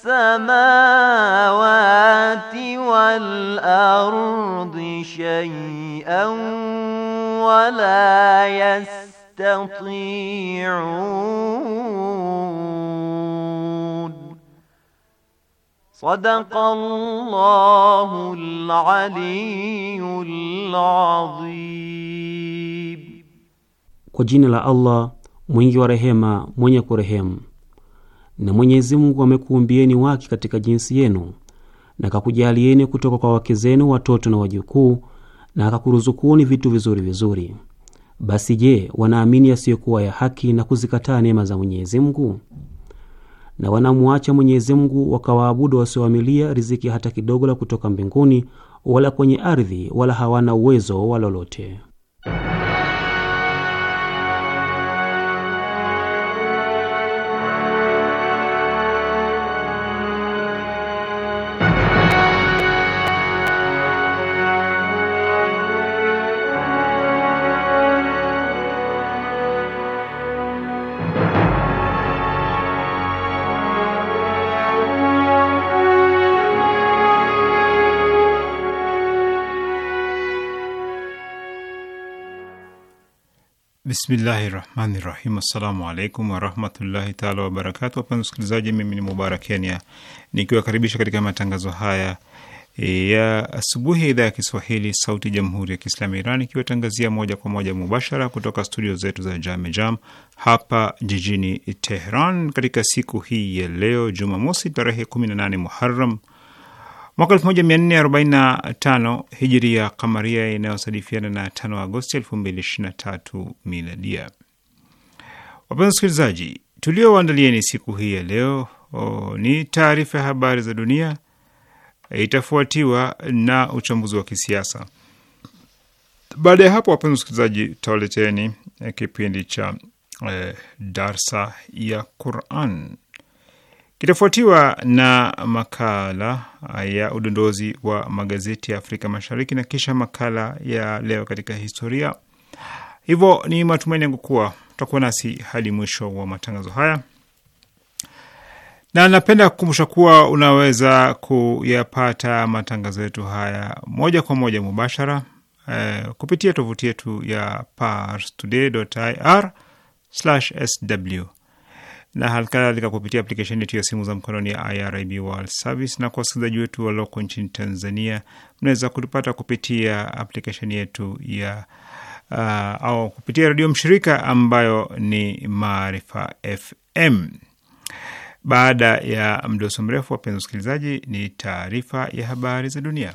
السماوات والأرض شيئا ولا يستطيعون صدق الله العلي العظيم kwa jina la allah mwingi wa rehema mwenye kurehemu Na Mwenyezi Mungu amekuumbieni wa wake katika jinsi yenu na akakujalieni kutoka kwa wake zenu watoto na wajukuu na akakuruzukuni vitu vizuri vizuri. Basi je, wanaamini yasiyokuwa ya haki na kuzikataa neema za Mwenyezi Mungu? Na wanamuacha Mwenyezi Mungu wakawaabudu wasioamilia riziki hata kidogo la kutoka mbinguni wala kwenye ardhi wala hawana uwezo wa lolote. Bismillahi rahmani rahim. Assalamu alaikum warahmatullahi taala wabarakatu. Wapenzi wasikilizaji, mimi ni Mubarak Kenya nikiwakaribisha katika matangazo haya e, ya asubuhi ya idhaa ya Kiswahili sauti jamhuri ya Kiislamu ya Iran ikiwatangazia moja kwa moja mubashara kutoka studio zetu za Jamejam hapa jijini Tehran katika siku hii ya leo Jumamosi tarehe 18 Muharram mwaka 1445 hijiria kamaria inayosadifiana na 5 Agosti 2023 miladia. Wapenzi wasikilizaji, tuliowaandalieni siku hii ya leo o, ni taarifa ya habari za dunia, itafuatiwa na uchambuzi wa kisiasa. Baada ya hapo, wapenzi wasikilizaji, tutawaleteni kipindi cha e, darsa ya Quran kitafuatiwa na makala ya udondozi wa magazeti ya Afrika Mashariki na kisha makala ya leo katika historia. Hivyo ni matumaini yangu kuwa tutakuwa nasi hadi mwisho wa matangazo haya, na napenda kukumbusha kuwa unaweza kuyapata matangazo yetu haya moja kwa moja mubashara eh, kupitia tovuti yetu ya parstoday.ir/sw na halikadhalika kupitia aplikesheni yetu ya simu za mkononi ya IRIB World Service. Na kwa wasikilizaji wetu walioko nchini Tanzania, mnaweza kutupata kupitia aplikesheni yetu ya uh, au kupitia redio mshirika ambayo ni Maarifa FM. Baada ya mdoso mrefu, wapenzi wasikilizaji, ni taarifa ya habari za dunia.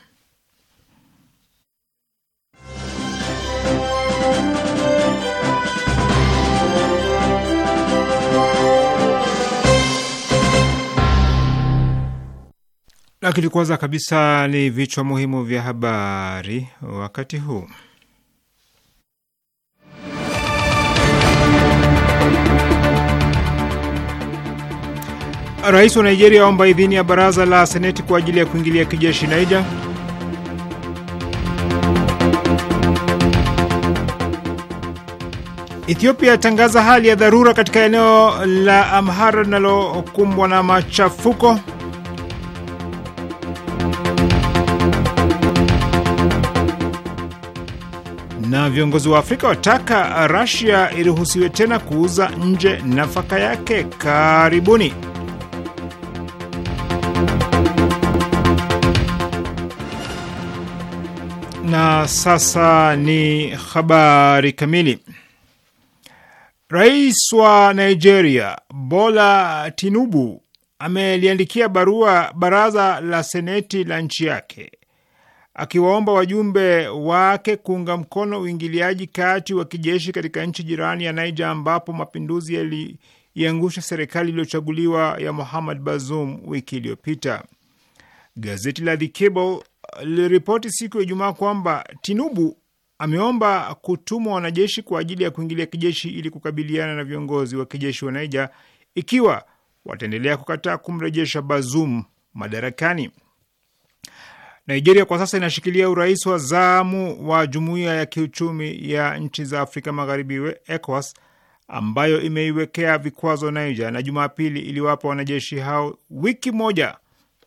Lakini kwanza kabisa ni vichwa muhimu vya habari wakati huu. Rais wa Nigeria aomba idhini ya baraza la seneti kwa ajili ya kuingilia kijeshi Naija. Ethiopia yatangaza hali ya dharura katika eneo la Amhara linalokumbwa na machafuko. na viongozi wa Afrika wataka rasia iruhusiwe tena kuuza nje nafaka yake. Karibuni. Na sasa ni habari kamili. Rais wa Nigeria Bola Tinubu ameliandikia barua baraza la seneti la nchi yake akiwaomba wajumbe wake kuunga mkono uingiliaji kati wa kijeshi katika nchi jirani ya Niger ambapo mapinduzi yaliiangusha serikali iliyochaguliwa ya muhamad Bazoum wiki iliyopita. Gazeti la The Cable uh, liliripoti siku ya Ijumaa kwamba Tinubu ameomba kutumwa wanajeshi kwa ajili ya kuingilia kijeshi ili kukabiliana na viongozi wa kijeshi wa Niger ikiwa wataendelea kukataa kumrejesha Bazoum madarakani. Nigeria kwa sasa inashikilia urais wa zamu wa jumuiya ya kiuchumi ya nchi za Afrika Magharibi, ECOWAS, ambayo imeiwekea vikwazo Niger na Jumapili iliwapa wanajeshi hao wiki moja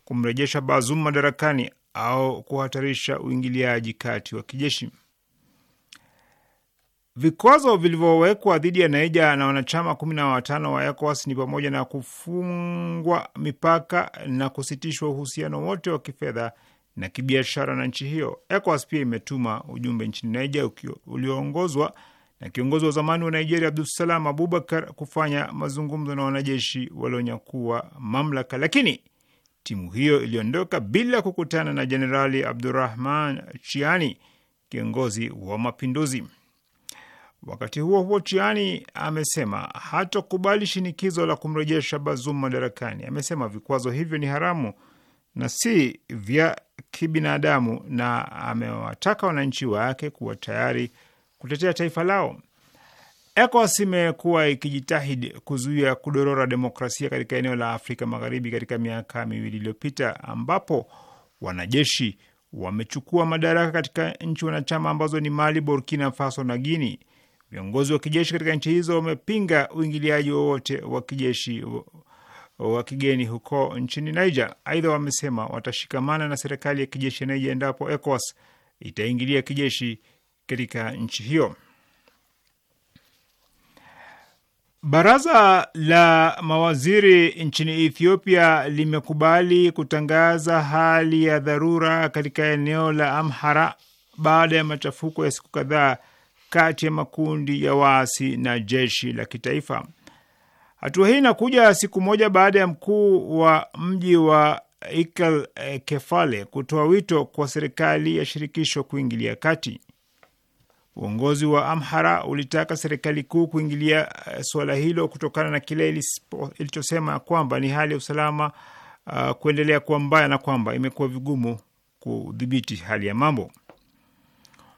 kumrejesha Bazoum madarakani au kuhatarisha uingiliaji kati wa kijeshi. Vikwazo vilivyowekwa dhidi ya Naija na wanachama kumi na watano wa ECOWAS ni pamoja na kufungwa mipaka na kusitishwa uhusiano wote wa kifedha na kibiashara na nchi hiyo. ECOWAS pia imetuma ujumbe nchini Niger ulioongozwa na kiongozi wa zamani wa Nigeria abdusalam Abubakar kufanya mazungumzo na wanajeshi walionyakua mamlaka, lakini timu hiyo iliondoka bila kukutana na Jenerali Abdurahman Chiani, kiongozi wa mapinduzi. Wakati huo huo, Chiani amesema hatokubali shinikizo la kumrejesha Bazoum madarakani. Amesema vikwazo hivyo ni haramu na si vya kibinadamu na amewataka wananchi wake kuwa tayari kutetea taifa lao. ECOWAS imekuwa ikijitahidi kuzuia kudorora demokrasia katika eneo la Afrika Magharibi katika miaka miwili iliyopita, ambapo wanajeshi wamechukua madaraka katika nchi wanachama ambazo ni Mali, Burkina Faso na Guini. Viongozi wa kijeshi katika nchi hizo wamepinga uingiliaji wowote wa kijeshi wa kigeni huko nchini Niger. Aidha, wamesema watashikamana na serikali ya kijeshi ya Niger endapo ECOWAS itaingilia kijeshi katika nchi hiyo. Baraza la mawaziri nchini Ethiopia limekubali kutangaza hali ya dharura katika eneo la Amhara baada ya machafuko ya siku kadhaa kati ya makundi ya waasi na jeshi la kitaifa. Hatua hii inakuja siku moja baada ya mkuu wa mji wa Ikel eh, Kefale kutoa wito kwa serikali ya shirikisho kuingilia kati. Uongozi wa Amhara ulitaka serikali kuu kuingilia eh, suala hilo kutokana na kile ilichosema kwamba ni hali ya usalama uh, kuendelea kuwa mbaya na kwamba imekuwa vigumu kudhibiti hali ya mambo.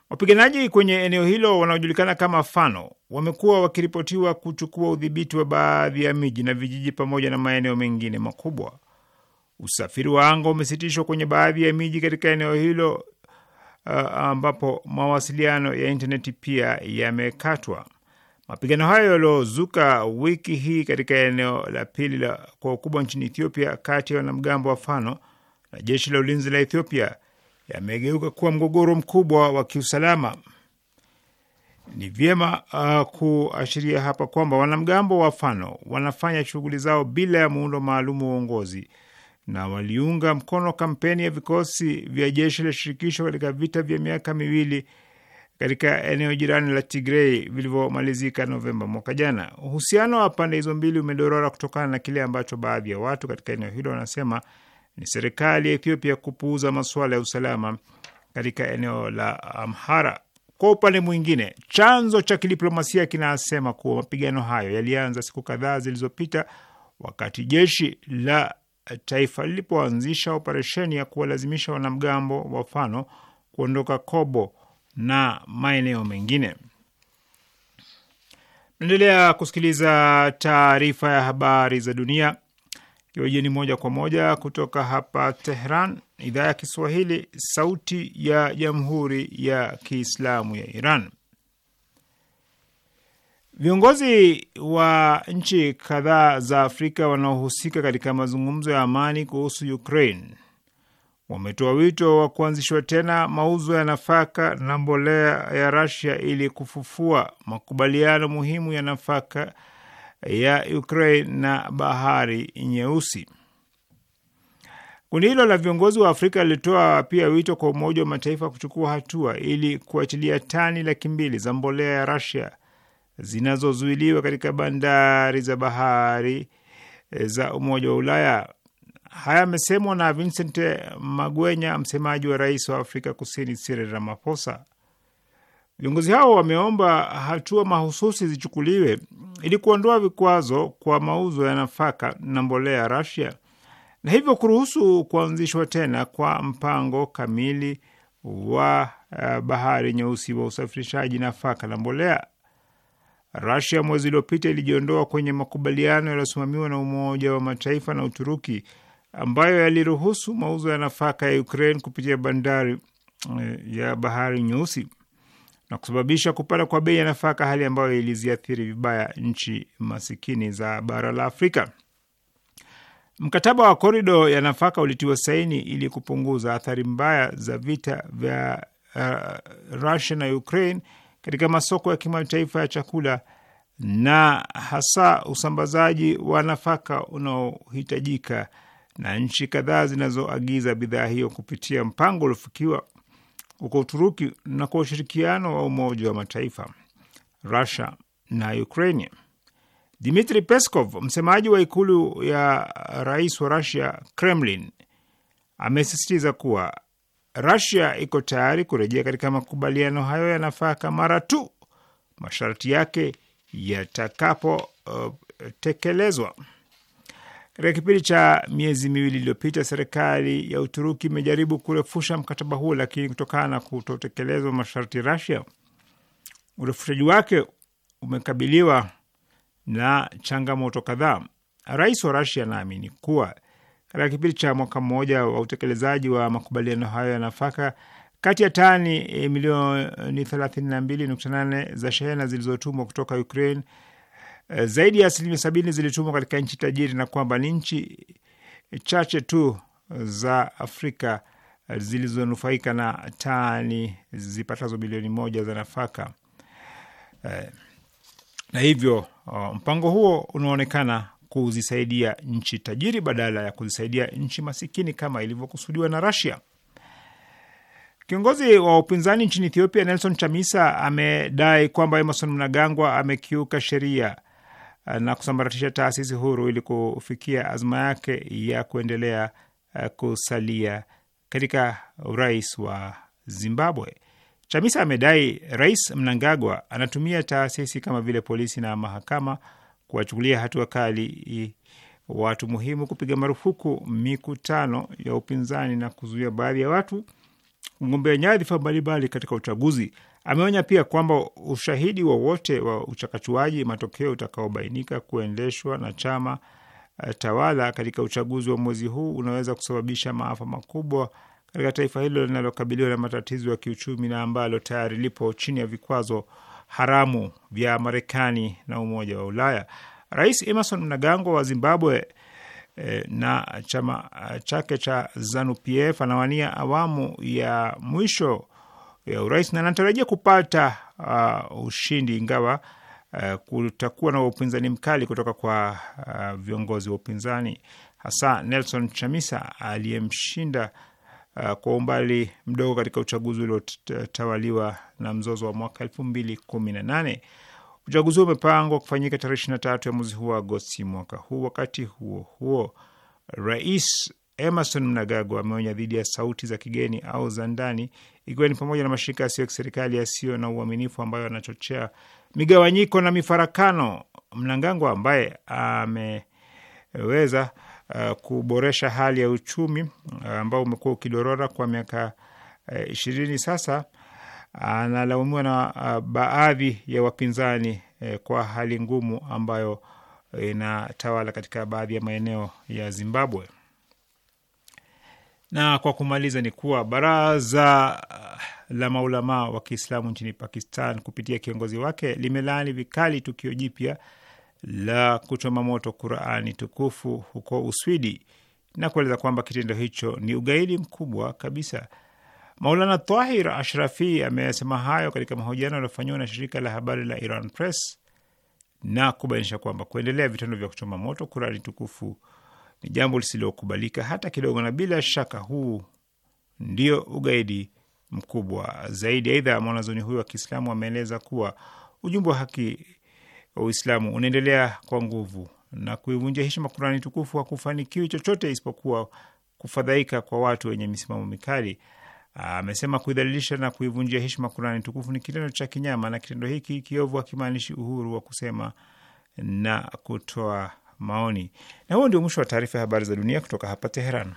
Wapiganaji kwenye eneo hilo wanaojulikana kama Fano wamekuwa wakiripotiwa kuchukua udhibiti wa baadhi ya miji na vijiji pamoja na maeneo mengine makubwa. Usafiri wa anga umesitishwa kwenye baadhi ya miji katika eneo hilo, uh, ambapo mawasiliano ya intaneti pia yamekatwa. Mapigano hayo yaliozuka wiki hii katika eneo la pili la kwa ukubwa nchini Ethiopia kati ya wanamgambo wa Fano na jeshi la ulinzi la Ethiopia yamegeuka kuwa mgogoro mkubwa wa kiusalama. Ni vyema uh, kuashiria hapa kwamba wanamgambo wa Fano wanafanya shughuli zao bila ya muundo maalum wa uongozi na waliunga mkono kampeni ya vikosi vya jeshi la shirikisho katika vita vya miaka miwili katika eneo jirani la Tigrei vilivyomalizika Novemba mwaka jana. Uhusiano wa pande hizo mbili umedorora kutokana na kile ambacho baadhi ya watu katika eneo hilo wanasema ni serikali ya Ethiopia kupuuza masuala ya usalama katika eneo la Amhara. Kwa upande mwingine, chanzo cha kidiplomasia kinasema kuwa mapigano hayo yalianza siku kadhaa zilizopita wakati jeshi la taifa lilipoanzisha operesheni ya kuwalazimisha wanamgambo wa Fano kuondoka Kobo na maeneo mengine. Naendelea kusikiliza taarifa ya habari za dunia Yojeni moja kwa moja kutoka hapa Tehran, idhaa ya Kiswahili, sauti ya jamhuri ya kiislamu ya Iran. Viongozi wa nchi kadhaa za Afrika wanaohusika katika mazungumzo ya amani kuhusu Ukraine wametoa wito wa kuanzishwa tena mauzo ya nafaka na mbolea ya Russia ili kufufua makubaliano muhimu ya nafaka ya Ukraine na bahari Nyeusi. Kundi hilo la viongozi wa Afrika lilitoa pia wito kwa Umoja wa Mataifa kuchukua hatua ili kuachilia tani laki mbili za mbolea ya Russia zinazozuiliwa katika bandari za bahari eh, za Umoja wa Ulaya. Haya amesemwa na Vincent Magwenya, msemaji wa rais wa Afrika Kusini Cyril Ramaphosa. Viongozi hao wameomba hatua mahususi zichukuliwe ili kuondoa vikwazo kwa mauzo ya nafaka na mbolea ya Rasia na hivyo kuruhusu kuanzishwa tena kwa mpango kamili wa eh, bahari nyeusi wa usafirishaji nafaka na mbolea. Rasia mwezi uliopita ilijiondoa kwenye makubaliano yaliyosimamiwa na Umoja wa Mataifa na Uturuki ambayo yaliruhusu mauzo ya nafaka ya Ukraine kupitia bandari eh, ya bahari nyeusi na kusababisha kupanda kwa bei ya nafaka, hali ambayo iliziathiri vibaya nchi masikini za bara la Afrika. Mkataba wa korido ya nafaka ulitiwa saini ili kupunguza athari mbaya za vita vya uh, Rusia na Ukraine katika masoko ya kimataifa ya chakula na hasa usambazaji wa nafaka unaohitajika na nchi kadhaa zinazoagiza bidhaa hiyo kupitia mpango uliofikiwa huko Uturuki na kwa ushirikiano wa Umoja wa Mataifa, Rusia na ukraini Dmitri Peskov, msemaji wa ikulu ya rais wa Rusia, Kremlin, amesisitiza kuwa Rusia iko tayari kurejea katika makubaliano hayo ya nafaka mara tu masharti yake yatakapotekelezwa. Uh, katika kipindi cha miezi miwili iliyopita, serikali ya Uturuki imejaribu kurefusha mkataba huo, lakini kutokana na kutotekelezwa masharti Rasia, urefushaji wake umekabiliwa na changamoto kadhaa. Rais wa Rasia anaamini kuwa katika kipindi cha mwaka mmoja wa utekelezaji wa makubaliano hayo ya nafaka kati ya tani eh, milioni 32.8 za shehena zilizotumwa kutoka Ukraine Eh, zaidi ya asilimia sabini zilitumwa katika nchi tajiri na kwamba ni nchi chache tu za Afrika eh, zilizonufaika na tani zipatazo bilioni moja za nafaka eh, na hivyo oh, mpango huo unaonekana kuzisaidia nchi tajiri badala ya kuzisaidia nchi masikini kama ilivyokusudiwa na Russia. Kiongozi wa upinzani nchini Ethiopia Nelson Chamisa amedai kwamba emerson Mnangagwa amekiuka sheria na kusambaratisha taasisi huru ili kufikia azma yake ya kuendelea eh, kusalia katika urais wa Zimbabwe. Chamisa amedai Rais Mnangagwa anatumia taasisi kama vile polisi na mahakama kuwachukulia hatua kali watu muhimu, kupiga marufuku mikutano ya upinzani na kuzuia baadhi ya watu kugombea nyadhifa mbalimbali katika uchaguzi. Ameonya pia kwamba ushahidi wowote wa, wa uchakachuaji matokeo utakaobainika kuendeshwa na chama eh, tawala katika uchaguzi wa mwezi huu unaweza kusababisha maafa makubwa katika taifa hilo linalokabiliwa na matatizo ya kiuchumi na ambalo tayari lipo chini ya vikwazo haramu vya Marekani na Umoja wa Ulaya. Rais Emerson Mnangagwa wa Zimbabwe eh, na chama eh, chake cha Zanu PF anawania awamu ya mwisho ya urais na anatarajia kupata uh, ushindi ingawa uh, kutakuwa na upinzani mkali kutoka kwa uh, viongozi wa upinzani hasa Nelson Chamisa aliyemshinda uh, kwa umbali mdogo katika uchaguzi uliotawaliwa na mzozo wa mwaka elfu mbili kumi na nane. Uchaguzi huo umepangwa kufanyika tarehe ishirini na tatu ya mwezi huu wa Agosti mwaka huu. Wakati huo huo, rais Emerson mnagagwa ameonya dhidi ya sauti za kigeni au za ndani, ikiwa ni pamoja na mashirika yasiyo ya kiserikali yasiyo na uaminifu ambayo yanachochea migawanyiko na mifarakano. Mnangagwa ambaye ameweza uh, kuboresha hali ya uchumi uh, ambao umekuwa ukidorora kwa miaka uh, ishirini uh, sasa analaumiwa na uh, baadhi ya wapinzani uh, kwa hali ngumu ambayo inatawala katika baadhi ya maeneo ya Zimbabwe. Na kwa kumaliza ni kuwa baraza uh, la maulamaa wa Kiislamu nchini Pakistan kupitia kiongozi wake limelaani vikali tukio jipya la kuchoma moto Qurani tukufu huko Uswidi na kueleza kwamba kitendo hicho ni ugaidi mkubwa kabisa. Maulana Tahir Ashrafi ameyasema hayo katika mahojiano yaliyofanyiwa na shirika la habari la Iran Press na kubainisha kwamba kuendelea vitendo vya kuchoma moto Qurani tukufu ni jambo lisilokubalika hata kidogo, na bila shaka huu ndio ugaidi mkubwa zaidi. Aidha, mwanazoni huyo wa Kiislamu ameeleza kuwa ujumbe wa haki wa Uislamu unaendelea kwa nguvu na kuivunjia heshima Kurani tukufu hakufanikiwi chochote isipokuwa kufadhaika kwa watu wenye misimamo mikali. Amesema kuidhalilisha na kuivunjia heshima Kurani tukufu ni kitendo cha kinyama, na kitendo hiki kiovu hakimaanishi uhuru wa kusema na kutoa maoni. Na huo ndio mwisho wa taarifa ya habari za dunia kutoka hapa Teheran.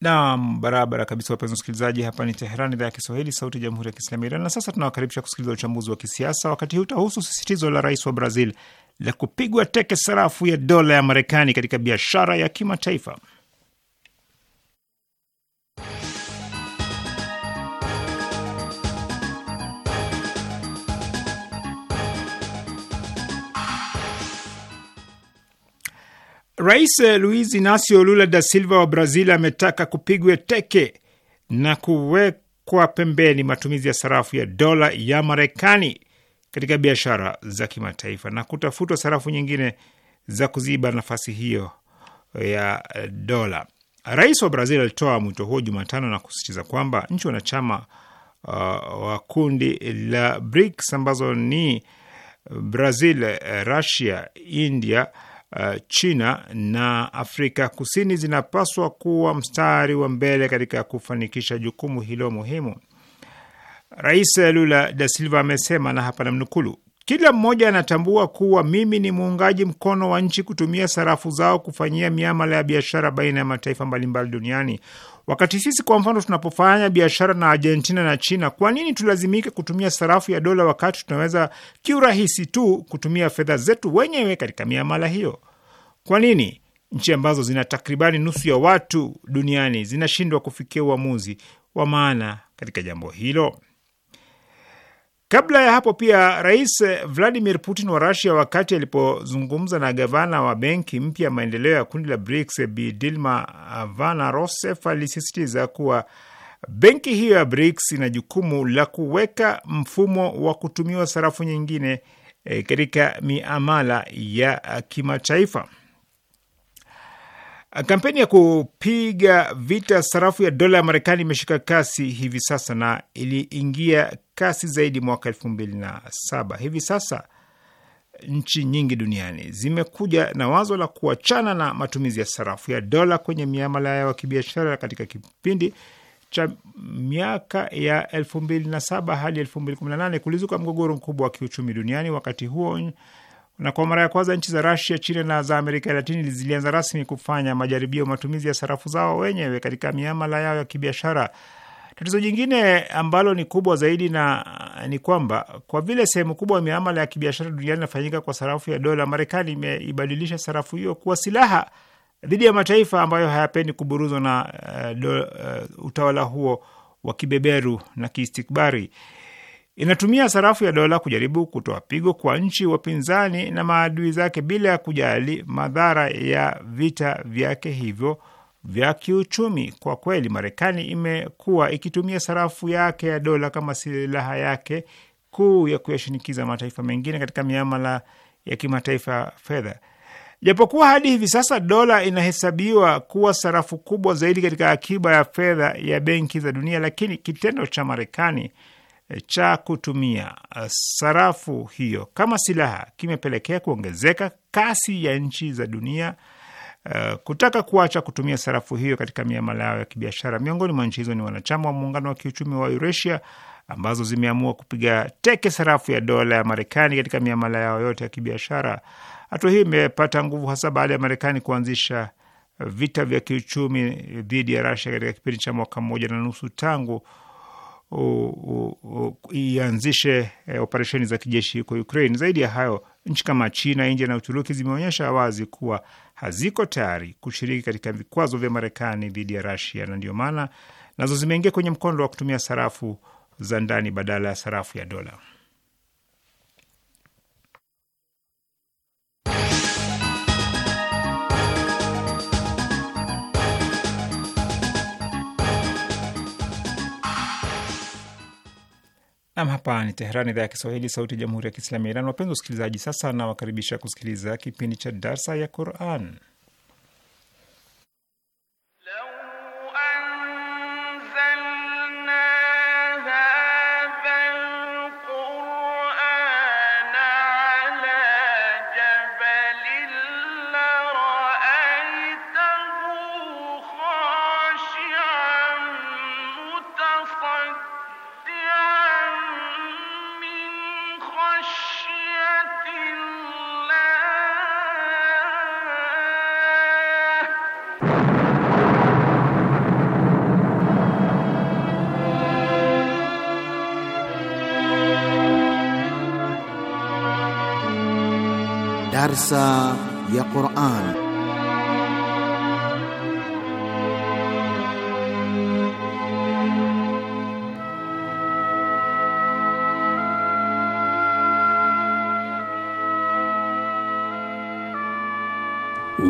Nam, barabara kabisa, wapenzi wasikilizaji, hapa ni Teheran, idhaa ya Kiswahili, sauti ya jamhuri ya kiislamu ya Iran. Na sasa tunawakaribisha kusikiliza uchambuzi wa kisiasa. Wakati huu utahusu sisitizo la rais wa Brazil la kupigwa teke sarafu ya dola ya Marekani katika biashara ya kimataifa. Rais eh, Luiz Inacio Lula da Silva wa Brazil ametaka kupigwe teke na kuwekwa pembeni matumizi ya sarafu ya dola ya Marekani katika biashara za kimataifa na kutafutwa sarafu nyingine za kuziba nafasi hiyo eh, ya eh, dola. Rais wa Brazil alitoa mwito huo Jumatano na kusisitiza kwamba nchi wanachama uh, wa kundi la BRICS ambazo ni Brazil, Russia, India Eh, China na Afrika Kusini zinapaswa kuwa mstari wa mbele katika kufanikisha jukumu hilo muhimu. Rais Lula da Silva amesema, na hapa namnukulu: kila mmoja anatambua kuwa mimi ni muungaji mkono wa nchi kutumia sarafu zao kufanyia miamala ya biashara baina ya mataifa mbalimbali duniani. Wakati sisi kwa mfano tunapofanya biashara na Argentina na China, kwa nini tulazimike kutumia sarafu ya dola wakati tunaweza kiurahisi tu kutumia fedha zetu wenyewe katika miamala hiyo? Kwa nini nchi ambazo zina takribani nusu ya watu duniani zinashindwa kufikia uamuzi wa maana katika jambo hilo? Kabla ya hapo pia, Rais Vladimir Putin wa Rusia, wakati alipozungumza na gavana wa benki mpya ya maendeleo ya kundi la BRICS Bi Dilma Vana Rousseff, alisisitiza kuwa benki hiyo ya BRICS ina jukumu la kuweka mfumo wa kutumiwa sarafu nyingine eh, katika miamala ya kimataifa. Kampeni ya kupiga vita sarafu ya dola ya Marekani imeshika kasi hivi sasa na iliingia kasi zaidi mwaka elfu mbili na saba. Hivi sasa nchi nyingi duniani zimekuja na wazo la kuachana na matumizi ya sarafu ya dola kwenye miamala yao ya kibiashara. Katika kipindi cha miaka ya elfu mbili na saba hadi elfu mbili kumi na nane kulizuka mgogoro mkubwa wa kiuchumi duniani. Wakati huo na kwa mara ya kwanza nchi za Rasia, China na za Amerika Latini zilianza rasmi kufanya majaribio matumizi ya sarafu zao wenyewe katika miamala yao ya kibiashara. Tatizo jingine ambalo ni kubwa zaidi na ni kwamba kwa vile sehemu kubwa ya miamala ya kibiashara duniani inafanyika kwa sarafu ya dola, Marekani imeibadilisha sarafu hiyo kuwa silaha dhidi ya mataifa ambayo hayapendi kuburuzwa na uh, do, uh, utawala huo wa kibeberu na kiistikbari inatumia sarafu ya dola kujaribu kutoa pigo kwa nchi wapinzani na maadui zake bila ya kujali madhara ya vita vyake hivyo vya kiuchumi. Kwa kweli, Marekani imekuwa ikitumia sarafu yake ya dola kama silaha yake kuu ya kuyashinikiza mataifa mengine katika miamala ya kimataifa ya fedha. Japokuwa hadi hivi sasa dola inahesabiwa kuwa sarafu kubwa zaidi katika akiba ya fedha ya benki za dunia, lakini kitendo cha Marekani cha kutumia uh, sarafu hiyo kama silaha kimepelekea kuongezeka kasi ya nchi za dunia uh, kutaka kuacha kutumia sarafu hiyo katika miamala yao ya kibiashara. Miongoni mwa nchi hizo ni wanachama wa muungano wa kiuchumi wa Eurasia ambazo zimeamua kupiga teke sarafu ya dola ya Marekani katika miamala yao yote ya kibiashara. Hatua hii imepata nguvu hasa baada ya Marekani kuanzisha uh, vita vya kiuchumi dhidi ya Rasia katika kipindi cha mwaka mmoja na nusu tangu ianzishe eh, operesheni za kijeshi huko Ukraine. Zaidi ya hayo, nchi kama China, India na Uturuki zimeonyesha wazi kuwa haziko tayari kushiriki katika vikwazo vya Marekani dhidi ya Rasia, na ndio maana nazo zimeingia kwenye mkondo wa kutumia sarafu za ndani badala ya sarafu ya dola. Nam, hapa ni Teherani, idhaa ya Kiswahili, sauti ya jamhuri ya kiislami ya Iran. Wapenzi wasikilizaji, sasa nawakaribisha kusikiliza kipindi cha darsa ya Quran.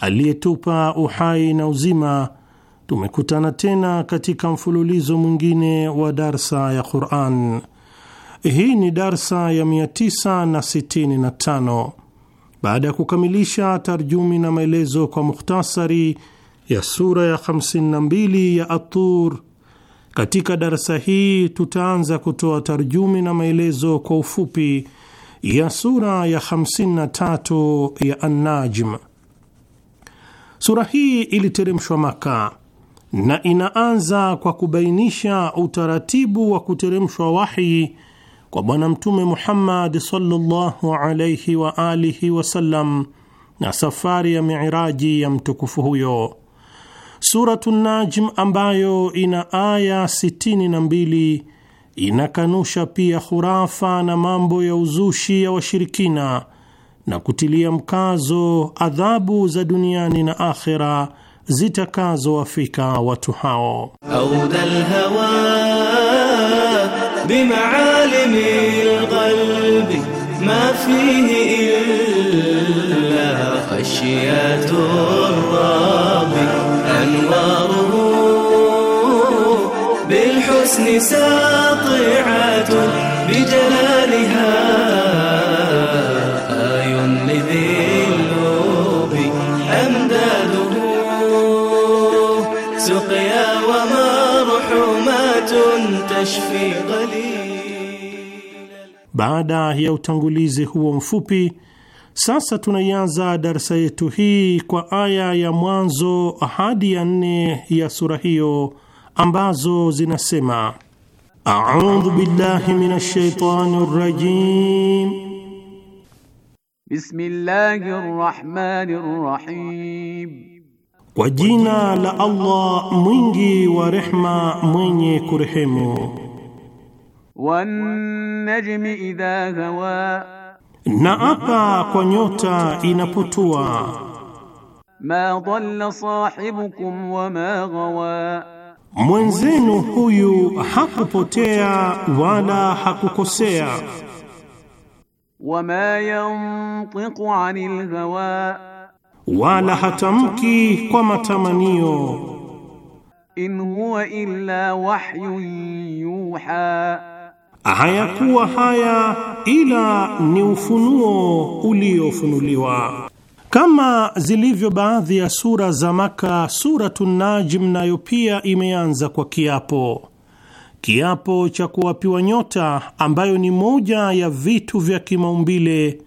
aliyetupa uhai na uzima, tumekutana tena katika mfululizo mwingine wa darsa ya Quran. Hii ni darsa ya 965 baada ya kukamilisha tarjumi na maelezo kwa mukhtasari ya sura ya 52 ya Atur. Katika darsa hii tutaanza kutoa tarjumi na maelezo kwa ufupi ya sura ya 53 ya An-Najm. Sura hii iliteremshwa Maka na inaanza kwa kubainisha utaratibu wa kuteremshwa wahi kwa Bwana Mtume Muhammad sallallahu alayhi wa alihi wasallam na safari ya miiraji ya mtukufu huyo. Suratu Najm ambayo ina aya 62 inakanusha pia khurafa na mambo ya uzushi ya washirikina na kutilia mkazo adhabu za duniani na akhera zitakazowafika watu hao. الكشف Baada ya utangulizi huo mfupi, sasa tunaianza darsa yetu hii kwa aya ya mwanzo hadi ya nne ya sura hiyo ambazo zinasema: audhu billahi min shaitani rajim, bismillahi rahmani rahim kwa jina la Allah mwingi wa rehma mwenye kurehemu. Wan najmi idha hawa, na apa kwa nyota inapotua. Ma dhalla sahibukum wa ma ghawa, mwenzenu huyu hakupotea wala hakukosea. Wa ma yantiqu anil hawa wala hatamki kwa matamanio. In huwa illa wahyun yuha, hayakuwa haya ila ni ufunuo uliofunuliwa. Kama zilivyo baadhi ya sura za Maka, Suratun Najm nayo pia imeanza kwa kiapo, kiapo cha kuwapiwa nyota, ambayo ni moja ya vitu vya kimaumbile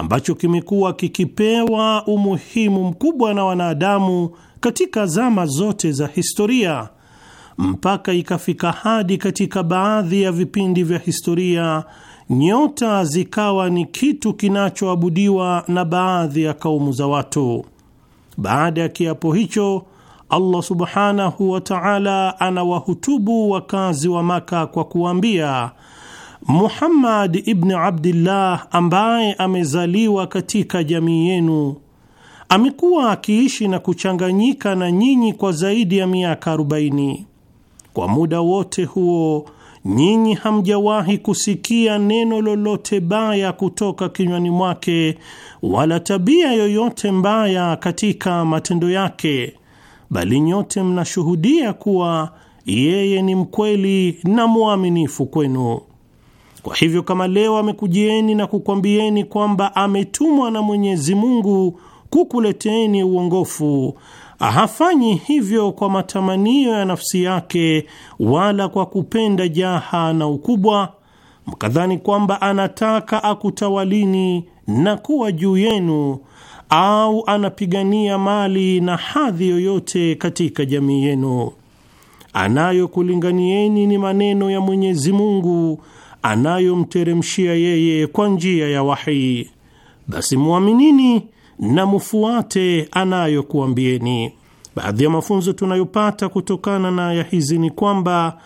ambacho kimekuwa kikipewa umuhimu mkubwa na wanadamu katika zama zote za historia mpaka ikafika hadi katika baadhi ya vipindi vya historia nyota zikawa ni kitu kinachoabudiwa na baadhi ya kaumu za watu. Baada ya kiapo hicho, Allah subhanahu wa ta'ala anawahutubu wakazi wa Maka kwa kuwaambia Muhammad ibn Abdillah ambaye amezaliwa katika jamii yenu amekuwa akiishi na kuchanganyika na nyinyi kwa zaidi ya miaka 40. Kwa muda wote huo nyinyi hamjawahi kusikia neno lolote baya kutoka kinywani mwake wala tabia yoyote mbaya katika matendo yake, bali nyote mnashuhudia kuwa yeye ni mkweli na mwaminifu kwenu. Kwa hivyo kama leo amekujieni na kukwambieni kwamba ametumwa na Mwenyezi Mungu kukuleteeni uongofu, hafanyi hivyo kwa matamanio ya nafsi yake wala kwa kupenda jaha na ukubwa, mkadhani kwamba anataka akutawalini na kuwa juu yenu au anapigania mali na hadhi yoyote katika jamii yenu. Anayokulinganieni ni maneno ya Mwenyezi Mungu anayomteremshia yeye kwa njia ya wahii, basi mwaminini na mfuate anayokuambieni. Baadhi ya mafunzo tunayopata kutokana na aya hizi ni kwamba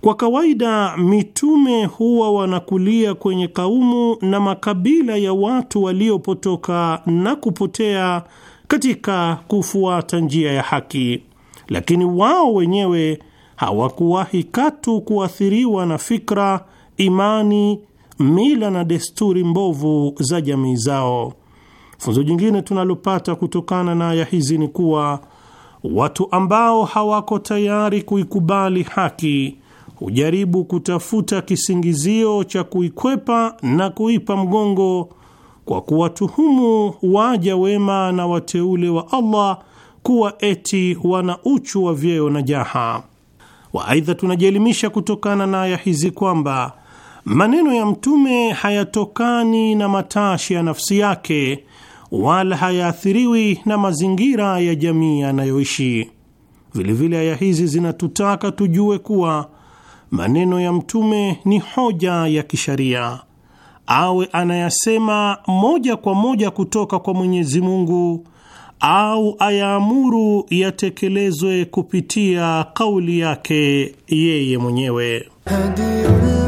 kwa kawaida mitume huwa wanakulia kwenye kaumu na makabila ya watu waliopotoka na kupotea katika kufuata njia ya haki, lakini wao wenyewe hawakuwahi katu kuathiriwa na fikra imani, mila na desturi mbovu za jamii zao. Funzo jingine tunalopata kutokana na aya hizi ni kuwa watu ambao hawako tayari kuikubali haki hujaribu kutafuta kisingizio cha kuikwepa na kuipa mgongo kwa kuwatuhumu waja wema na wateule wa Allah kuwa eti wana uchu wa vyeo na jaha. Waaidha, tunajielimisha kutokana na aya hizi kwamba Maneno ya Mtume hayatokani na matashi ya nafsi yake wala hayaathiriwi na mazingira ya jamii anayoishi. Vilevile aya hizi zinatutaka tujue kuwa maneno ya Mtume ni hoja ya kisharia, awe anayasema moja kwa moja kutoka kwa Mwenyezi Mungu au ayaamuru yatekelezwe kupitia kauli yake yeye mwenyewe Adibu.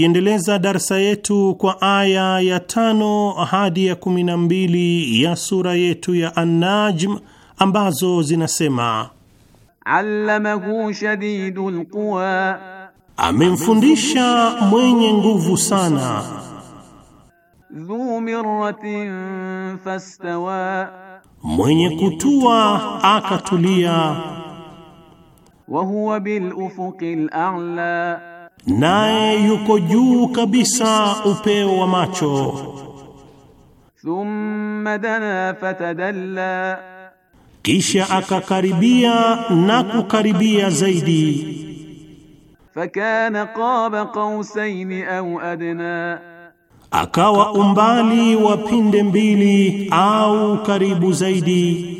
Tunaiendeleza darsa yetu kwa aya ya tano hadi ya kumi na mbili ya sura yetu ya An-Najm ambazo zinasema: allamahu shadidul quwa, amemfundisha mwenye nguvu sana. Dhu mirratin fastawa, mwenye kutua akatulia. Wa huwa bil ufuqil a'la naye yuko juu kabisa upeo wa macho. Thumma dana fatadalla, kisha akakaribia na kukaribia zaidi. Fakana qaba qausaini au adna, akawa umbali wa pinde mbili au karibu zaidi.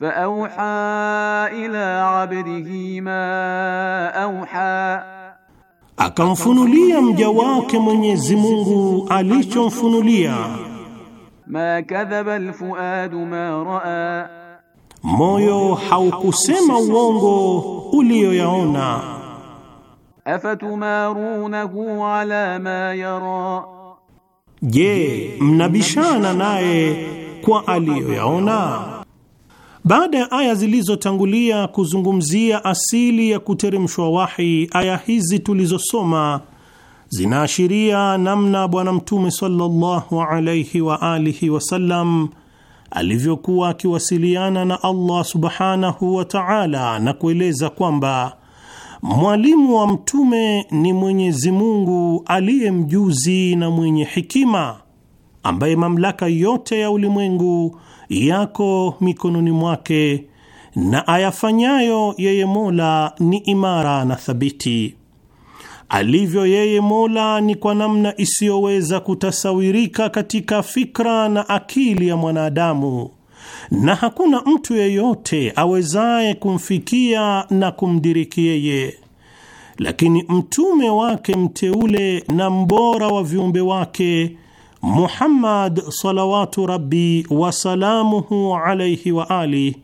Faauha ila abdihi ma auha akamfunulia mja wake Mwenyezi Mungu alichomfunulia. Ma kadhaba alfuad ma raa, moyo haukusema uongo uliyoyaona. Afatumarunahu ala ma yara, je, mnabishana naye kwa aliyoyaona? Baada ya aya zilizotangulia kuzungumzia asili ya kuteremshwa wahi, aya hizi tulizosoma zinaashiria namna Bwana Mtume sallallahu alaihi wa alihi wasallam alivyokuwa akiwasiliana na Allah subhanahu wa ta'ala, na kueleza kwamba mwalimu wa mtume ni Mwenyezi Mungu aliye mjuzi na mwenye hikima, ambaye mamlaka yote ya ulimwengu yako mikononi mwake, na ayafanyayo yeye Mola ni imara na thabiti. Alivyo yeye Mola ni kwa namna isiyoweza kutasawirika katika fikra na akili ya mwanadamu, na hakuna mtu yeyote awezaye kumfikia na kumdiriki yeye. Lakini mtume wake mteule na mbora wa viumbe wake Muhammad salawatu rabbi wasalamuhu alaihi wa ali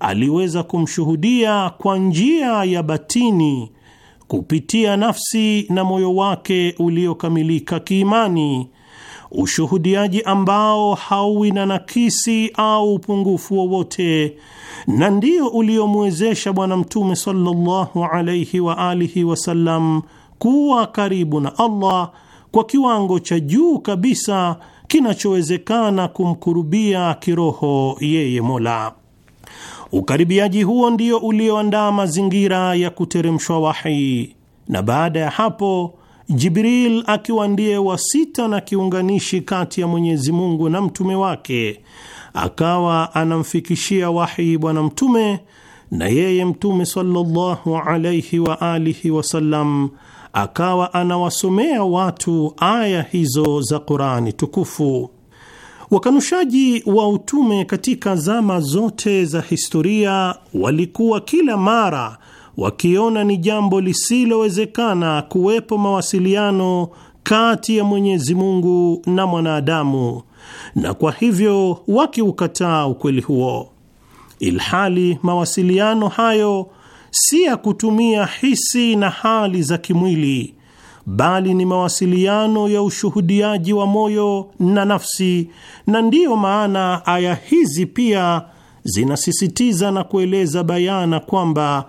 aliweza kumshuhudia kwa njia ya batini kupitia nafsi na moyo wake uliokamilika kiimani, ushuhudiaji ambao hauwi na nakisi au upungufu wowote, na ndio uliomwezesha Bwana Mtume sallallahu alaihi wa alihi wasallam kuwa karibu na Allah kwa kiwango cha juu kabisa kinachowezekana kumkurubia kiroho yeye Mola. Ukaribiaji huo ndio ulioandaa mazingira ya kuteremshwa wahi, na baada ya hapo Jibril akiwa ndiye wa sita na kiunganishi kati ya Mwenyezi Mungu na mtume wake, akawa anamfikishia wahi Bwana Mtume, na yeye Mtume sallallahu alaihi wa alihi wasallam akawa anawasomea watu aya hizo za Qurani tukufu. Wakanushaji wa utume katika zama zote za historia walikuwa kila mara wakiona ni jambo lisilowezekana kuwepo mawasiliano kati ya Mwenyezi Mungu na mwanadamu, na kwa hivyo wakiukataa ukweli huo, ilhali mawasiliano hayo si ya kutumia hisi na hali za kimwili, bali ni mawasiliano ya ushuhudiaji wa moyo na nafsi, na ndiyo maana aya hizi pia zinasisitiza na kueleza bayana kwamba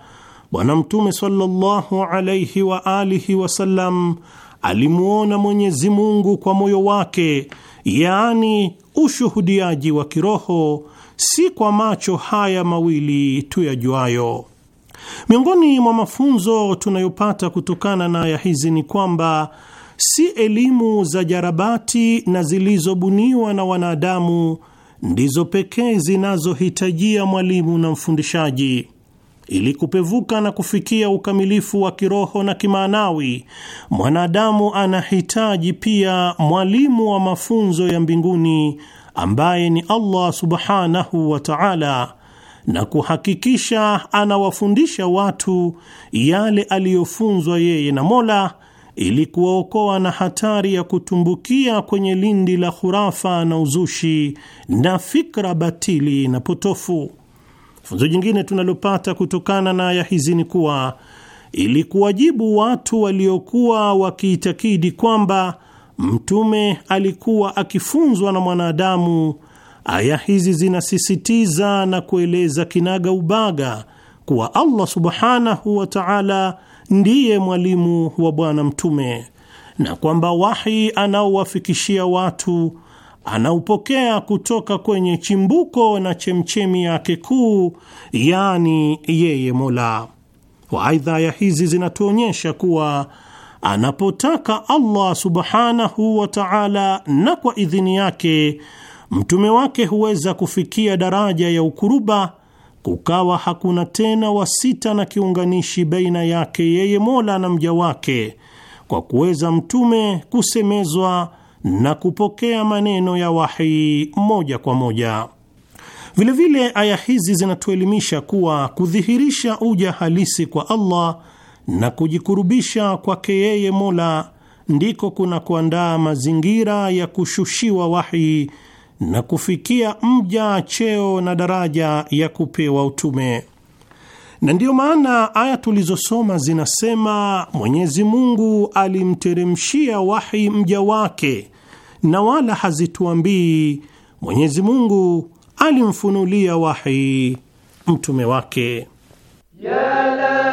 Bwana Mtume sallallahu alaihi wa alihi wasallam alimwona Mwenyezi Mungu kwa moyo wake, yaani ushuhudiaji wa kiroho, si kwa macho haya mawili tuyajuayo. Miongoni mwa mafunzo tunayopata kutokana na aya hizi ni kwamba si elimu za jarabati na zilizobuniwa na wanadamu ndizo pekee zinazohitajia mwalimu na mfundishaji ili kupevuka na kufikia ukamilifu wa kiroho na kimaanawi. Mwanadamu anahitaji pia mwalimu wa mafunzo ya mbinguni ambaye ni Allah subhanahu wa ta'ala na kuhakikisha anawafundisha watu yale aliyofunzwa yeye na Mola ili kuwaokoa na hatari ya kutumbukia kwenye lindi la hurafa na uzushi na fikra batili na potofu. Funzo jingine tunalopata kutokana na aya hizi ni kuwa ili kuwajibu watu waliokuwa wakiitakidi kwamba mtume alikuwa akifunzwa na mwanadamu Aya hizi zinasisitiza na kueleza kinaga ubaga kuwa Allah subhanahu wa ta'ala ndiye mwalimu wa Bwana Mtume na kwamba wahi anaowafikishia watu anaupokea kutoka kwenye chimbuko na chemchemi yake kuu, yaani yeye Mola. Waaidha, aya hizi zinatuonyesha kuwa anapotaka Allah subhanahu wa ta'ala na kwa idhini yake mtume wake huweza kufikia daraja ya ukuruba, kukawa hakuna tena wasita na kiunganishi baina yake yeye Mola na mja wake, kwa kuweza mtume kusemezwa na kupokea maneno ya wahi moja kwa moja. Vilevile aya hizi zinatuelimisha kuwa kudhihirisha uja halisi kwa Allah na kujikurubisha kwake yeye Mola ndiko kuna kuandaa mazingira ya kushushiwa wahi na kufikia mja, cheo na daraja ya kupewa utume. Na ndiyo maana aya tulizosoma zinasema Mwenyezi Mungu alimteremshia wahi mja wake, na wala hazituambii Mwenyezi Mungu alimfunulia wahi mtume wake Yala.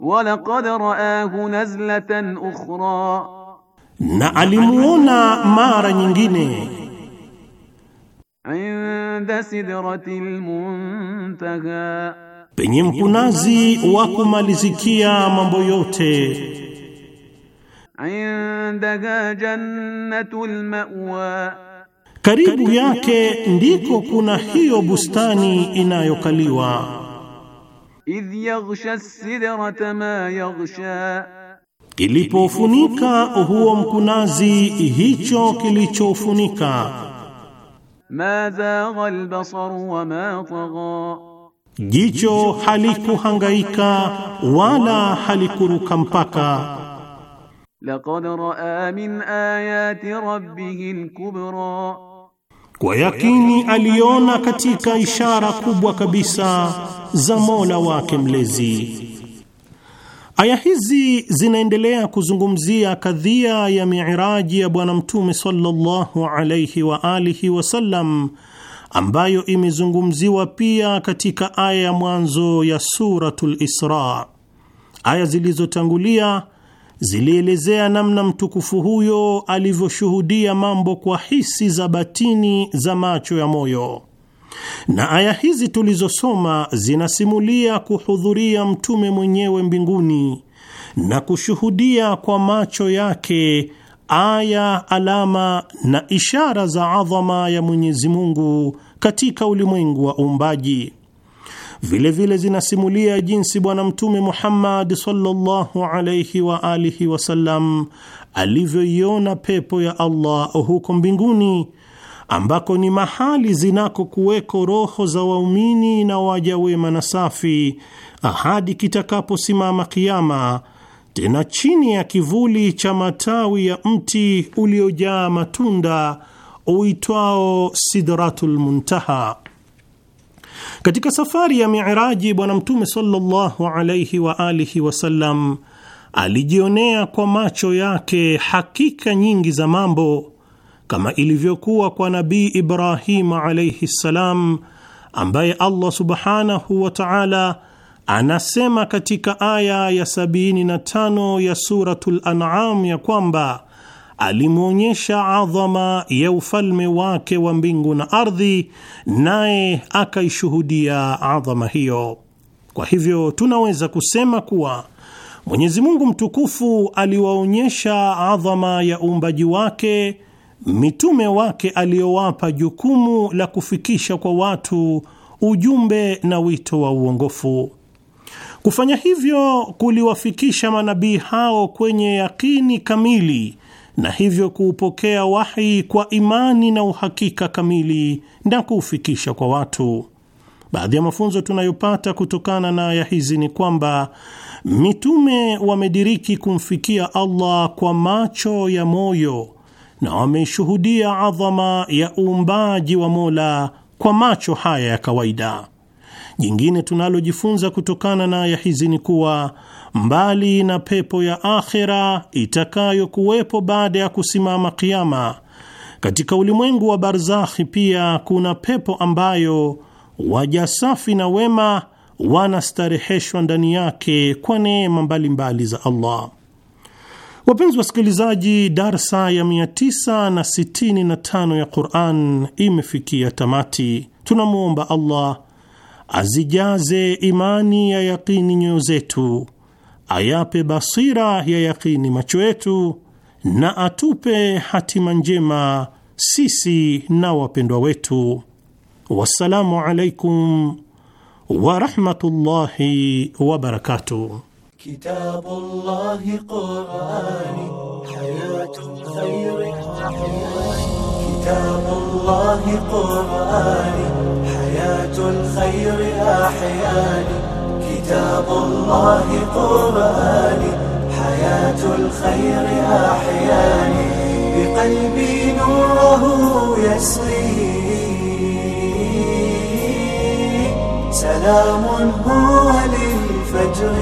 walaqad raahu nazlatan ukhra, na alimuona mara nyingine inda sidratil muntaha, penye mkunazi wa kumalizikia mambo yote indaha jannatul mawa, karibu yake ndiko kuna hiyo bustani inayokaliwa idh yaghsha sidrata ma yaghsha, kilipofunika huo mkunazi hicho kilichofunika. Ma zagha albasar wa ma tagha, jicho halikuhangaika wala halikuruka mpaka. Laqad raa min ayati rabbihil kubra kwa yakini aliona katika ishara kubwa kabisa za Mola wake mlezi. Aya hizi zinaendelea kuzungumzia kadhia ya miiraji ya Bwana Mtume sallallahu alayhi wa alihi wasallam ambayo imezungumziwa pia katika aya ya mwanzo ya Suratul Isra. Aya zilizotangulia zilielezea namna mtukufu huyo alivyoshuhudia mambo kwa hisi za batini za macho ya moyo, na aya hizi tulizosoma zinasimulia kuhudhuria mtume mwenyewe mbinguni na kushuhudia kwa macho yake aya, alama na ishara za adhama ya Mwenyezi Mungu katika ulimwengu wa uumbaji. Vilevile vile zinasimulia jinsi Bwana Mtume Muhammad sallallahu alayhi wa alihi wasallam alivyoiona pepo ya Allah huko mbinguni ambako ni mahali zinakokuweko roho za waumini na waja wema na safi hadi kitakaposimama kiama, tena chini ya kivuli cha matawi ya mti uliojaa matunda uitwao Sidratul Muntaha. Katika safari ya Miraji, Bwana Mtume sallallahu alaihi wa alihi wasallam alijionea kwa macho yake hakika nyingi za mambo kama ilivyokuwa kwa Nabii Ibrahima alaihi ssalam, ambaye Allah subhanahu wa taala anasema katika aya ya 75 ya Suratul An'am ya kwamba alimwonyesha adhama ya ufalme wake wa mbingu na ardhi, naye akaishuhudia adhama hiyo. Kwa hivyo tunaweza kusema kuwa Mwenyezi Mungu mtukufu aliwaonyesha adhama ya uumbaji wake mitume wake aliyowapa jukumu la kufikisha kwa watu ujumbe na wito wa uongofu. Kufanya hivyo kuliwafikisha manabii hao kwenye yakini kamili na hivyo kuupokea wahi kwa imani na uhakika kamili na kuufikisha kwa watu. Baadhi ya mafunzo tunayopata kutokana na aya hizi ni kwamba mitume wamediriki kumfikia Allah kwa macho ya moyo na wameshuhudia adhama ya uumbaji wa Mola kwa macho haya ya kawaida. Jingine tunalojifunza kutokana na aya hizi ni kuwa mbali na pepo ya akhera itakayokuwepo baada ya kusimama kiama. Katika ulimwengu wa barzakhi pia kuna pepo ambayo waja safi na wema wanastareheshwa ndani yake kwa neema mbalimbali za Allah. Wapenzi wasikilizaji, darsa ya 965 ya Quran imefikia tamati. Tunamwomba Allah azijaze imani ya yaqini nyoyo zetu ayape basira ya yakini macho yetu na atupe hatima njema sisi na wapendwa wetu. Wassalamu alaikum warahmatullahi wabarakatuh. Kitabullahi Qurani ahyani كتاب الله قرآني حياة الخير أحياني بقلبي نوره يسري سلام هو للفجر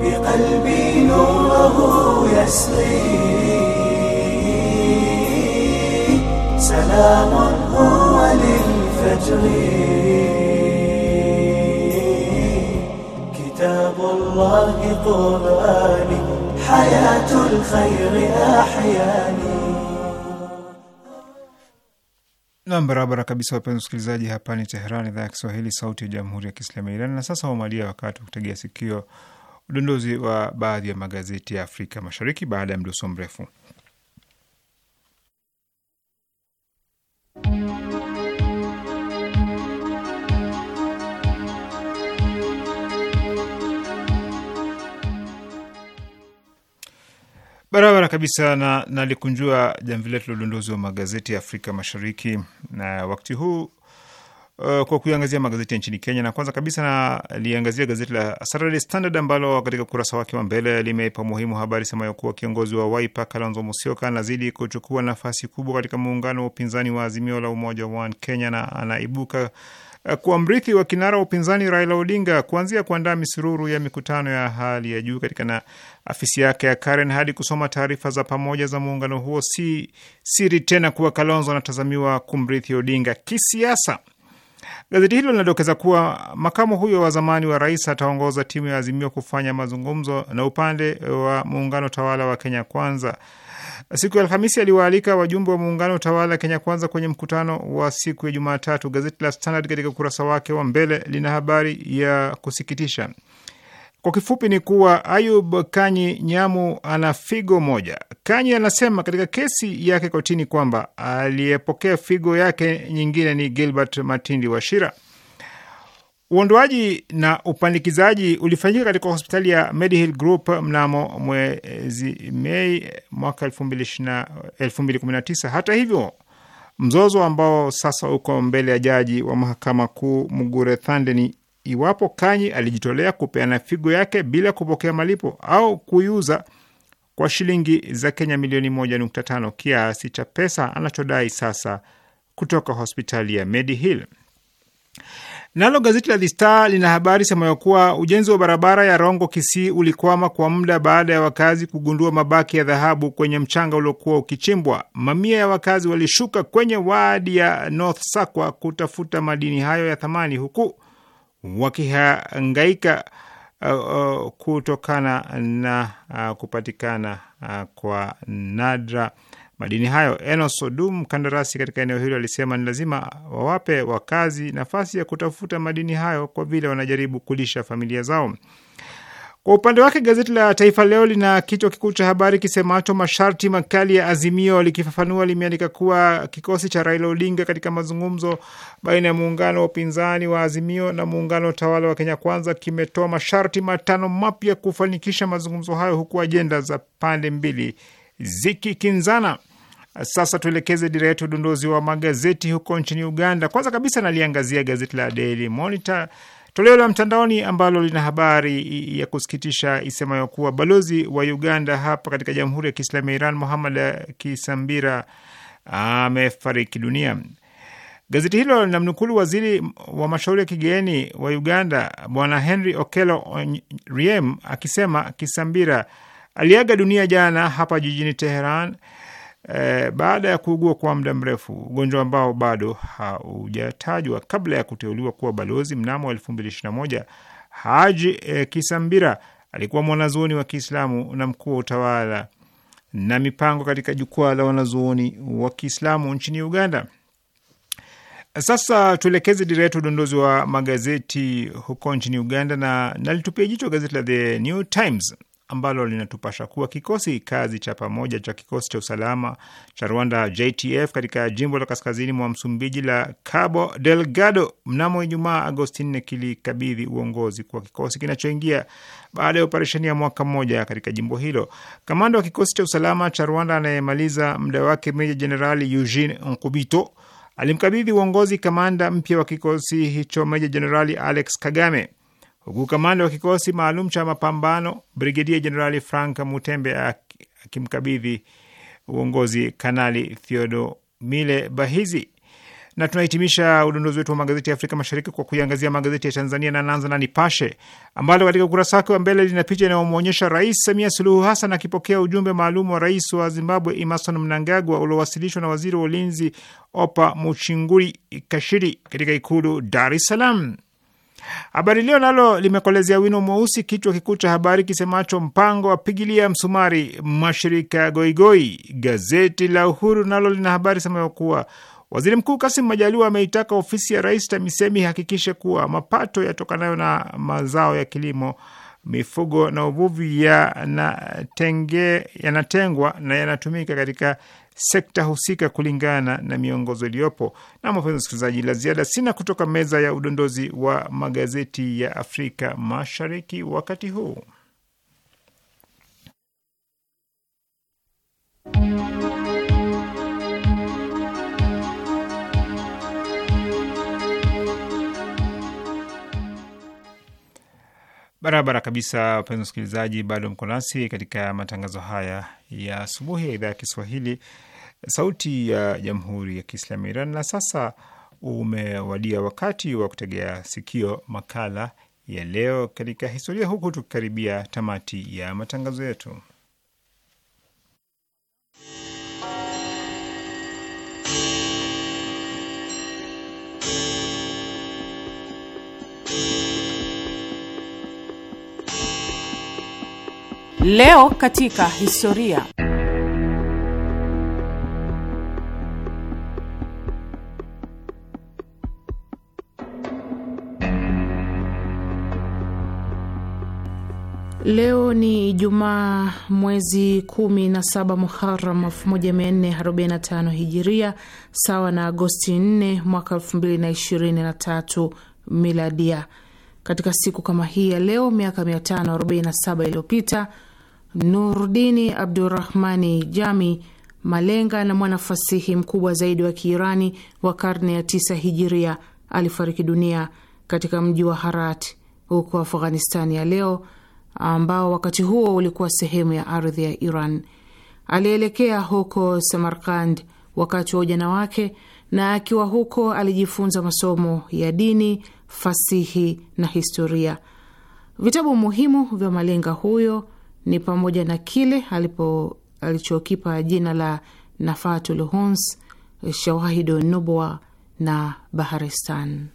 بقلبي نوره يسري سلام هو للفجر الفجر Nam, barabara kabisa, wapenzi wasikilizaji, hapa ni Teheran, idhaa ya Kiswahili, sauti ya jamhuri ya kiislamu ya Iran. Na sasa wamalia wakati wa kutegea sikio udondozi wa baadhi ya magazeti ya Afrika Mashariki baada ya mdoso mrefu. Barabara kabisa na nalikunjua jamvi letu la udondozi wa magazeti ya Afrika Mashariki na wakati huu uh, kwa kuiangazia magazeti ya nchini Kenya, na kwanza kabisa naliangazia gazeti la Saturday Standard ambalo katika ukurasa wake wa mbele limeipa muhimu habari semayo kuwa kiongozi wa Wiper Kalonzo Musyoka anazidi kuchukua nafasi kubwa katika muungano wa upinzani wa Azimio la Umoja wa One Kenya na anaibuka Eh, kwa mrithi wa kinara wa upinzani Raila Odinga, kuanzia kuandaa misururu ya mikutano ya hali ya juu katika na afisi yake ya Karen hadi kusoma taarifa za pamoja za muungano huo. Si siri tena kuwa Kalonzo anatazamiwa kumrithi Odinga kisiasa. Gazeti hilo linadokeza kuwa makamu huyo wa zamani wa rais ataongoza timu ya Azimio kufanya mazungumzo na upande wa muungano tawala wa Kenya Kwanza Siku ya Alhamisi aliwaalika wajumbe wa muungano tawala utawala Kenya Kwanza kwenye mkutano wa siku ya Jumatatu. Gazeti la Standard katika ukurasa wake wa mbele lina habari ya kusikitisha. Kwa kifupi ni kuwa Ayub Kanyi Nyamu ana figo moja. Kanyi anasema katika kesi yake kotini kwamba aliyepokea figo yake nyingine ni Gilbert Matindi Washira. Uondoaji na upandikizaji ulifanyika katika hospitali ya Medihill Group mnamo mwezi Mei mwaka 2019. Hata hivyo, mzozo ambao sasa uko mbele ya jaji wa mahakama kuu Mugure Thande ni iwapo Kanyi alijitolea kupeana figo yake bila kupokea malipo au kuiuza kwa shilingi za Kenya milioni 1.5 kiasi cha pesa anachodai sasa kutoka hospitali ya Medihill. Nalo gazeti la The Star lina habari semayo kuwa ujenzi wa barabara ya Rongo Kisii ulikwama kwa muda baada ya wakazi kugundua mabaki ya dhahabu kwenye mchanga uliokuwa ukichimbwa. Mamia ya wakazi walishuka kwenye wadi ya North Sakwa kutafuta madini hayo ya thamani, huku wakihangaika uh, uh, kutokana na uh, kupatikana uh, kwa nadra madini hayo. Enos Sodum, mkandarasi katika eneo hilo, alisema ni lazima wawape wakazi nafasi ya kutafuta madini hayo kwa vile wanajaribu kulisha familia zao. Kwa upande wake gazeti la Taifa Leo lina kichwa kikuu cha habari kisemacho masharti makali ya Azimio. Likifafanua, limeandika kuwa kikosi cha Raila Odinga katika mazungumzo baina ya muungano wa upinzani wa Azimio na muungano wa utawala wa Kenya Kwanza kimetoa masharti matano mapya kufanikisha mazungumzo hayo, huku ajenda za pande mbili zikikinzana. Sasa tuelekeze dira yetu udondozi wa magazeti huko nchini Uganda. Kwanza kabisa naliangazia gazeti la Daily Monitor toleo la mtandaoni ambalo lina habari ya kusikitisha isemayo kuwa balozi wa Uganda hapa katika Jamhuri ya Kiislamu ya Iran, Muhammad Kisambira amefariki dunia. Gazeti hilo linamnukulu waziri wa mashauri ya kigeni wa Uganda Bwana Henry Okello Riem akisema Kisambira aliaga dunia jana hapa jijini Teheran e, baada ya kuugua kwa muda mrefu, ugonjwa ambao bado haujatajwa. Kabla ya kuteuliwa kuwa balozi mnamo 2021, Haji e, Kisambira alikuwa mwanazuoni wa Kiislamu na mkuu wa utawala na mipango katika jukwaa la wanazuoni wa Kiislamu nchini Uganda. Sasa tuelekeze dira yetu udondozi wa magazeti huko nchini Uganda, na nalitupia jicho gazeti la The New Times ambalo linatupasha kuwa kikosi kazi cha pamoja cha kikosi cha usalama cha Rwanda JTF katika jimbo la kaskazini mwa Msumbiji la Cabo Delgado mnamo Ijumaa Agosti 4 kilikabidhi uongozi kwa kikosi kinachoingia baada ya operesheni ya mwaka mmoja katika jimbo hilo. Kamanda wa kikosi cha usalama cha Rwanda anayemaliza muda wake Meja Jenerali Eugene Nkubito alimkabidhi uongozi kamanda mpya wa kikosi hicho Meja Jenerali Alex Kagame huku kamanda wa kikosi maalum cha mapambano Brigedia Jenerali Frank Mutembe akimkabidhi uongozi Kanali Theodo Mile Bahizi. Na tunahitimisha udondozi wetu wa magazeti ya Afrika Mashariki kwa kuiangazia magazeti ya Tanzania na naanza na Nipashe ambalo katika ukurasa wake wa mbele lina picha inayomwonyesha Rais Samia Suluhu Hassan akipokea ujumbe maalum wa rais wa Zimbabwe Emmerson Mnangagwa uliowasilishwa na waziri wa ulinzi Opa Muchinguri Kashiri katika ikulu Dar es Salaam. Habari Leo nalo limekolezea wino mweusi kichwa kikuu cha habari kisemacho mpango wa pigilia msumari mashirika ya goigoi. Gazeti la Uhuru nalo lina habari semayo kuwa Waziri Mkuu Kasim Majaliwa ameitaka ofisi ya Rais TAMISEMI ihakikishe kuwa mapato yatokanayo na mazao ya kilimo, mifugo na uvuvi yanatengwa na yanatengwa na yanatumika katika sekta husika kulingana na miongozo iliyopo. Na mapenzi msikilizaji, la ziada sina kutoka meza ya udondozi wa magazeti ya Afrika Mashariki wakati huu. Barabara kabisa, wapenzi wasikilizaji, bado mko nasi katika matangazo haya ya asubuhi ya idhaa ya Kiswahili, Sauti ya Jamhuri ya Kiislamu ya Iran. Na sasa umewadia wakati wa kutegea sikio makala ya leo katika historia, huku tukikaribia tamati ya matangazo yetu. Leo katika historia. Leo ni Ijumaa, mwezi 17 Muharam 1445 Hijiria, sawa na Agosti 4 mwaka 2023 Miladia. Katika siku kama hii ya leo miaka 547 iliyopita Nurdini Abdurahmani Jami, malenga na mwanafasihi mkubwa zaidi wa Kiirani wa karne ya tisa hijiria, alifariki dunia katika mji wa Harat huko Afghanistani ya leo, ambao wakati huo ulikuwa sehemu ya ardhi ya Iran. Alielekea huko Samarkand wakati wa ujana wake, na akiwa huko alijifunza masomo ya dini, fasihi na historia. Vitabu muhimu vya malenga huyo ni pamoja na kile alipo alichokipa jina la Nafatul Hons, Shawahidu Nubwa na Baharistan.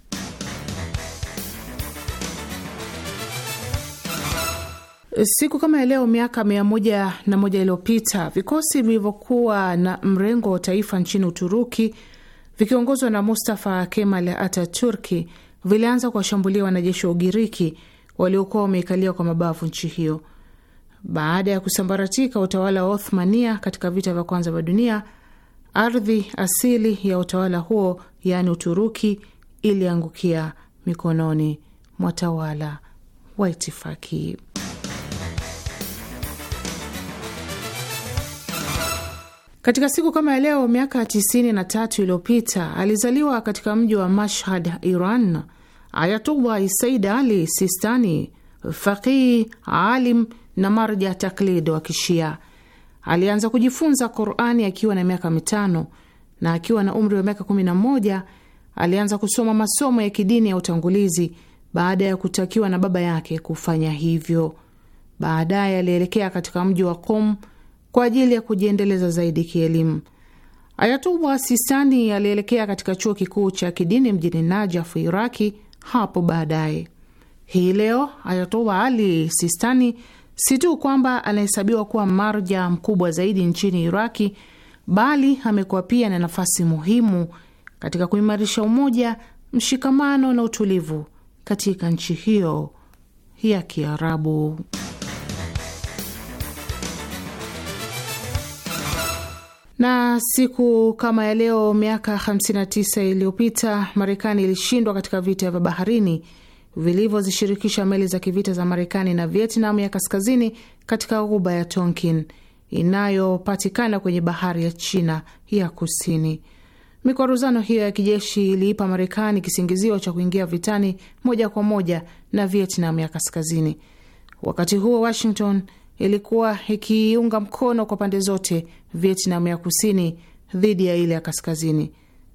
Siku kama ya leo miaka mia moja na moja iliyopita vikosi vilivyokuwa na mrengo wa taifa nchini Uturuki vikiongozwa na Mustafa Kemal Ataturki vilianza kuwashambulia wanajeshi wa Ugiriki waliokuwa wameikalia kwa mabavu nchi hiyo. Baada ya kusambaratika utawala wa Othmania katika vita vya kwanza vya dunia, ardhi asili ya utawala huo, yaani Uturuki, iliangukia mikononi mwa tawala wa itifaki. Katika siku kama ya leo miaka 93 iliyopita alizaliwa katika mji wa Mashhad, Iran, Ayatullah Said Ali Sistani, faqih, alim na marja taklid wa Kishia. Alianza kujifunza Qurani akiwa na miaka mitano na akiwa na umri wa miaka 11 alianza kusoma masomo ya kidini ya utangulizi baada ya kutakiwa na baba yake kufanya hivyo. Baadaye alielekea katika mji wa Qom kwa ajili ya kujiendeleza zaidi kielimu. ayatubwa Sistani alielekea katika chuo kikuu cha kidini mjini Najafu, Iraki hapo baadaye. Hii leo ayatuba Ali Sistani Si tu kwamba anahesabiwa kuwa marja mkubwa zaidi nchini Iraki, bali amekuwa pia na nafasi muhimu katika kuimarisha umoja, mshikamano na utulivu katika nchi hiyo ya Kiarabu. Na siku kama ya leo miaka 59 iliyopita Marekani ilishindwa katika vita vya baharini vilivyozishirikisha meli za kivita za Marekani na Vietnam ya kaskazini katika ghuba ya Tonkin inayopatikana kwenye bahari ya China ya kusini. Mikwaruzano hiyo ya kijeshi iliipa Marekani kisingizio cha kuingia vitani moja kwa moja na Vietnam ya kaskazini. Wakati huo, Washington ilikuwa ikiiunga mkono kwa pande zote Vietnam ya kusini dhidi ya ile ya kaskazini.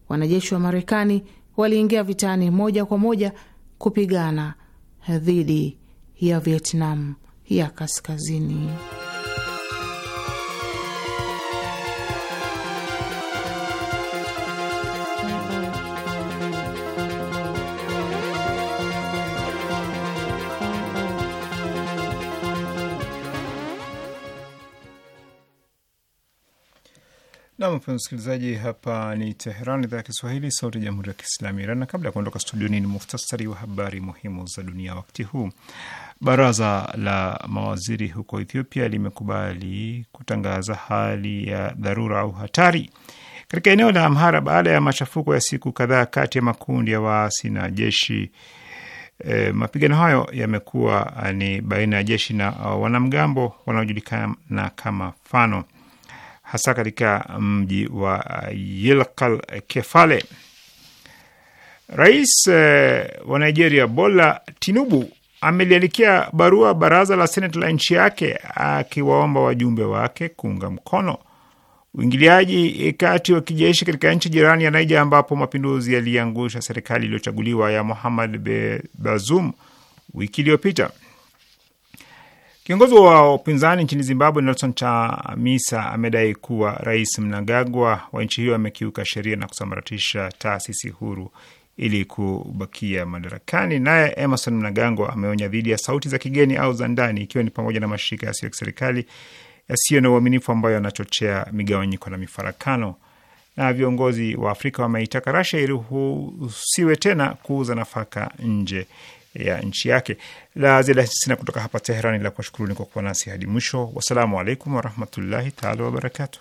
Wanajeshi wa Marekani waliingia vitani moja kwa moja kupigana dhidi ya Vietnam ya Kaskazini. Nam mpenzi msikilizaji, hapa ni Teheran, idhaa ya Kiswahili, sauti ya jamhuri ya kiislamu Iran. Na kabla ya kuondoka studioni, ni muhtasari wa habari muhimu za dunia wakati huu. Baraza la mawaziri huko Ethiopia limekubali kutangaza hali ya dharura au hatari katika eneo la Amhara baada ya machafuko ya siku kadhaa kati ya makundi ya waasi na jeshi. E, mapigano hayo yamekuwa ni baina ya jeshi na wanamgambo wanaojulikana kama Fano hasa katika mji wa Yilkal Kefale. Rais eh, wa Nigeria Bola Tinubu ameliandikia barua baraza la seneti la nchi yake akiwaomba wajumbe wake kuunga mkono uingiliaji kati wa kijeshi katika nchi jirani ya Naija ambapo mapinduzi yaliangusha serikali iliyochaguliwa ya Muhammad Bazum wiki iliyopita. Kiongozi wa upinzani nchini Zimbabwe Nelson Chamisa amedai kuwa Rais Mnangagwa wa nchi hiyo amekiuka sheria na kusambaratisha taasisi huru ili kubakia madarakani. Naye Emerson Mnangagwa ameonya dhidi ya sauti za kigeni au za ndani, ikiwa ni pamoja na mashirika yasiyo ya kiserikali yasiyo na uaminifu ambayo yanachochea migawanyiko na mifarakano. Na viongozi wa Afrika wameitaka Rasia iruhusiwe tena kuuza nafaka nje ya nchi yake. La ziada sina kutoka hapa Teherani, la kuwashukuruni kwa kuwa nasi hadi mwisho. Wassalamu alaikum warahmatullahi taala wabarakatuh